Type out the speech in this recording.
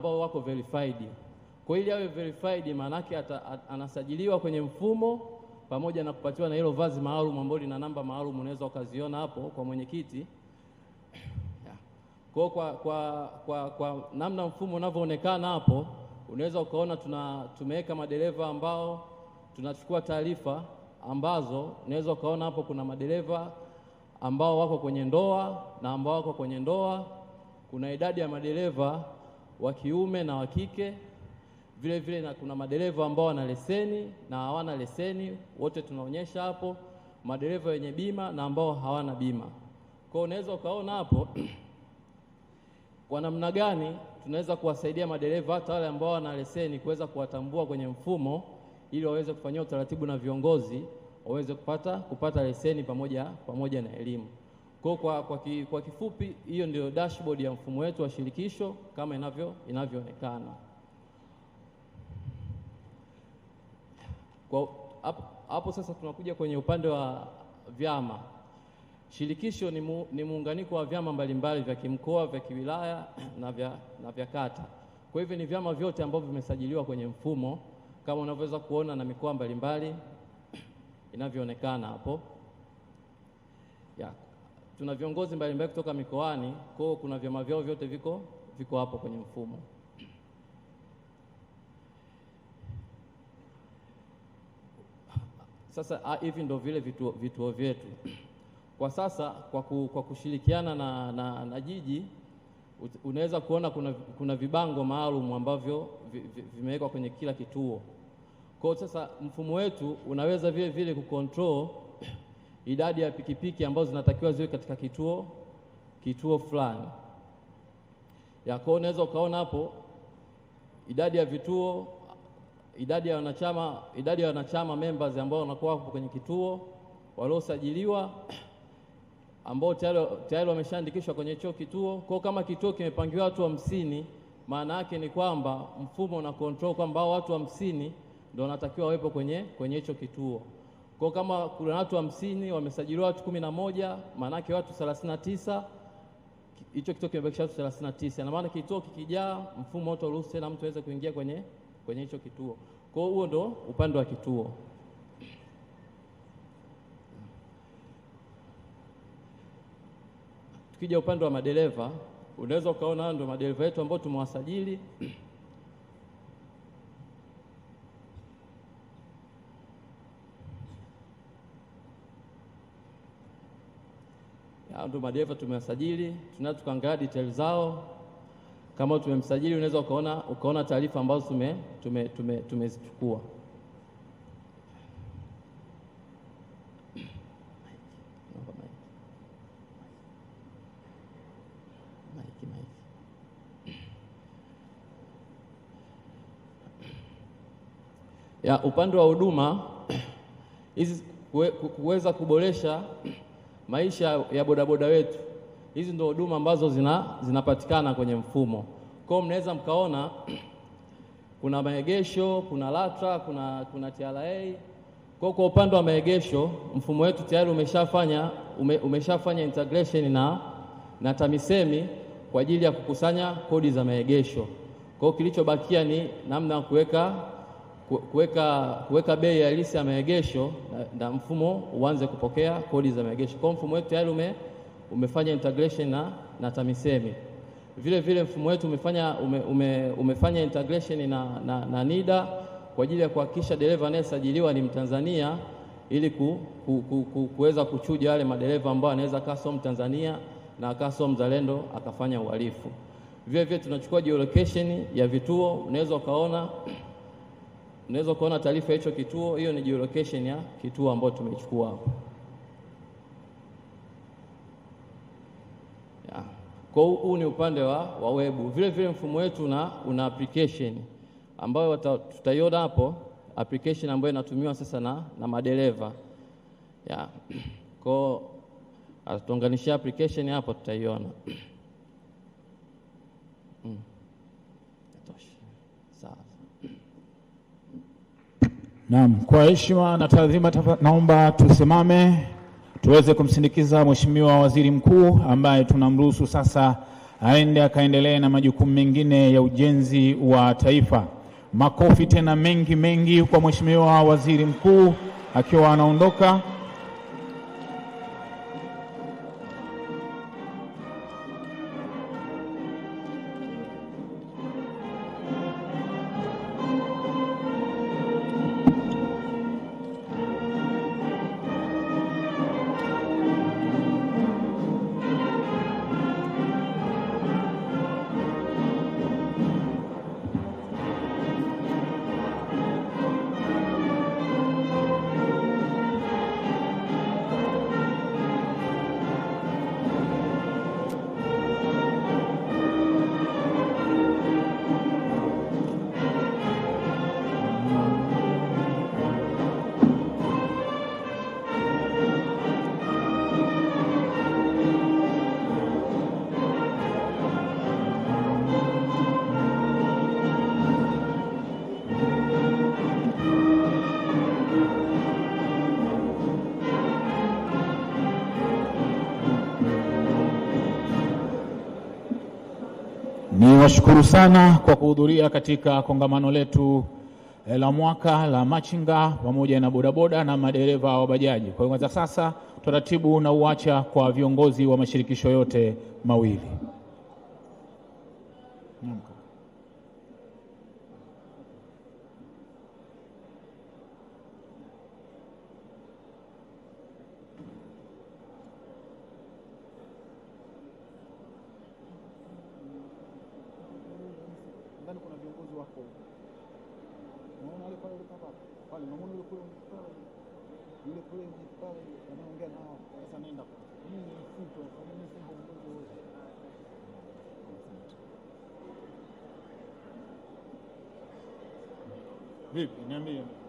ambao wako verified. Kwa ili awe verified, yake anasajiliwa kwenye mfumo pamoja na kupatiwa na hilo vazi maalum ambalo lina namba maalum, unaweza ukaziona hapo kwa mwenyekiti. Kwa, kwa, kwa, kwa, kwa namna mfumo unavyoonekana hapo, unaweza ukaona tuna tumeweka madereva ambao tunachukua taarifa ambazo unaweza ukaona hapo kuna madereva ambao wako kwenye ndoa na ambao wako kwenye ndoa, kuna idadi ya madereva wa kiume na wa kike. Vile vile na kuna madereva ambao wana leseni na hawana leseni, wote tunaonyesha hapo, madereva wenye bima na ambao hawana bima. Kwa unaweza ukaona hapo kwa namna gani tunaweza kuwasaidia madereva hata wale ambao wana leseni kuweza kuwatambua kwenye mfumo ili waweze kufanyia utaratibu na viongozi waweze kupata, kupata leseni pamoja, pamoja na elimu. Kwa, kwa, kwa, ki, kwa kifupi hiyo ndio dashboard ya mfumo wetu wa shirikisho kama inavyo inavyoonekana. Kwa hapo sasa tunakuja kwenye upande wa vyama. Shirikisho ni, mu, ni muunganiko wa vyama mbalimbali vya kimkoa, vya kiwilaya na vya, na vya kata. Kwa hivyo ni vyama vyote ambavyo vimesajiliwa kwenye mfumo kama unavyoweza kuona na mikoa mbalimbali inavyoonekana hapo yako tuna viongozi mbalimbali kutoka mikoani, kwa hiyo kuna vyama vyao vyote viko viko hapo kwenye mfumo. Sasa ah, hivi ndo vile vituo, vituo vyetu kwa sasa kwa, ku, kwa kushirikiana na, na, na jiji unaweza kuona kuna, kuna vibango maalum ambavyo vimewekwa kwenye kila kituo. Kwa hiyo sasa mfumo wetu unaweza vile vile kukontrol idadi ya pikipiki ambazo zinatakiwa ziwe katika kituo kituo fulani. Ya kwa unaweza ukaona hapo idadi ya vituo, idadi ya wanachama, idadi ya wanachama members ambao wanakuwa hapo kwenye kituo waliosajiliwa ambao tayari wameshaandikishwa kwenye hicho kituo. Kwa kama kituo kimepangiwa watu hamsini, maana yake ni kwamba mfumo una control kwamba watu hamsini ndio wanatakiwa wawepo kwenye kwenye hicho kituo. Kwa kama kuna watu hamsini wamesajiliwa watu kumi na moja maanake watu thelathini na tisa hicho kituo kimebakisha watu thelathini na tisa na maana kituo kikijaa mfumo utaruhusu tena mtu aweze kuingia kwenye kwenye hicho kituo. Kwa huo ndo upande wa kituo. Tukija upande wa madereva, unaweza ukaona ndo madereva yetu ambao tumewasajili ndio madereva tumewasajili, tunaenda tukaangalia details zao. Kama tumemsajili unaweza ukaona, ukaona taarifa ambazo tumezichukua tume, tume, tume ya upande wa huduma hizi kuweza kuboresha maisha ya bodaboda wetu. Hizi ndio huduma ambazo zina, zinapatikana kwenye mfumo. Kwa hiyo mnaweza mkaona kuna maegesho, kuna LATRA, kuna, kuna TRA. Kwa kwa upande wa maegesho mfumo wetu tayari umeshafanya ume, umeshafanya integration na, na TAMISEMI kwa ajili ya kukusanya kodi za maegesho. Kwa hiyo kilichobakia ni namna ya kuweka kuweka kuweka bei halisi ya maegesho na, na mfumo uanze kupokea kodi za maegesho. Kwa mfumo wetu tayari ume, umefanya integration na, na TAMISEMI. Vile vile mfumo wetu umefanya, ume, ume, umefanya integration na, na, na NIDA kwa ajili ya kuhakikisha dereva anayesajiliwa ni Mtanzania ili ku, ku, ku, ku, kuweza kuchuja wale madereva ambao anaweza akaso Mtanzania na akaso mzalendo akafanya uhalifu. Vile vile tunachukua geolocation ya vituo, unaweza ukaona unaweza kuona taarifa hicho kituo, hiyo ni geolocation ya kituo ambayo tumechukua hapo. Kwa huu ni upande wa, wa webu. Vile vile mfumo wetu una, una application ambayo tutaiona hapo, application ambayo inatumiwa sasa na, na madereva yeah. Kwa tutaunganishia application hapo tutaiona mm. Naam, kwa heshima na taadhima naomba tusimame tuweze kumsindikiza Mheshimiwa Waziri Mkuu ambaye tunamruhusu sasa aende akaendelee na majukumu mengine ya ujenzi wa taifa. Makofi tena mengi mengi kwa Mheshimiwa Waziri Mkuu akiwa anaondoka. Niwashukuru sana kwa kuhudhuria katika kongamano letu eh, la mwaka la machinga pamoja na bodaboda na madereva wa bajaji. Kwa hiyo kwanza, sasa taratibu na uacha kwa viongozi wa mashirikisho yote mawili. tabaco, no, no le para el t a b a vale, no u n le puede i n y e c a r no le puede i n y e c a r no me han a n a d o esa nena, n insulto, eso no es un momento d v i p n i a m b e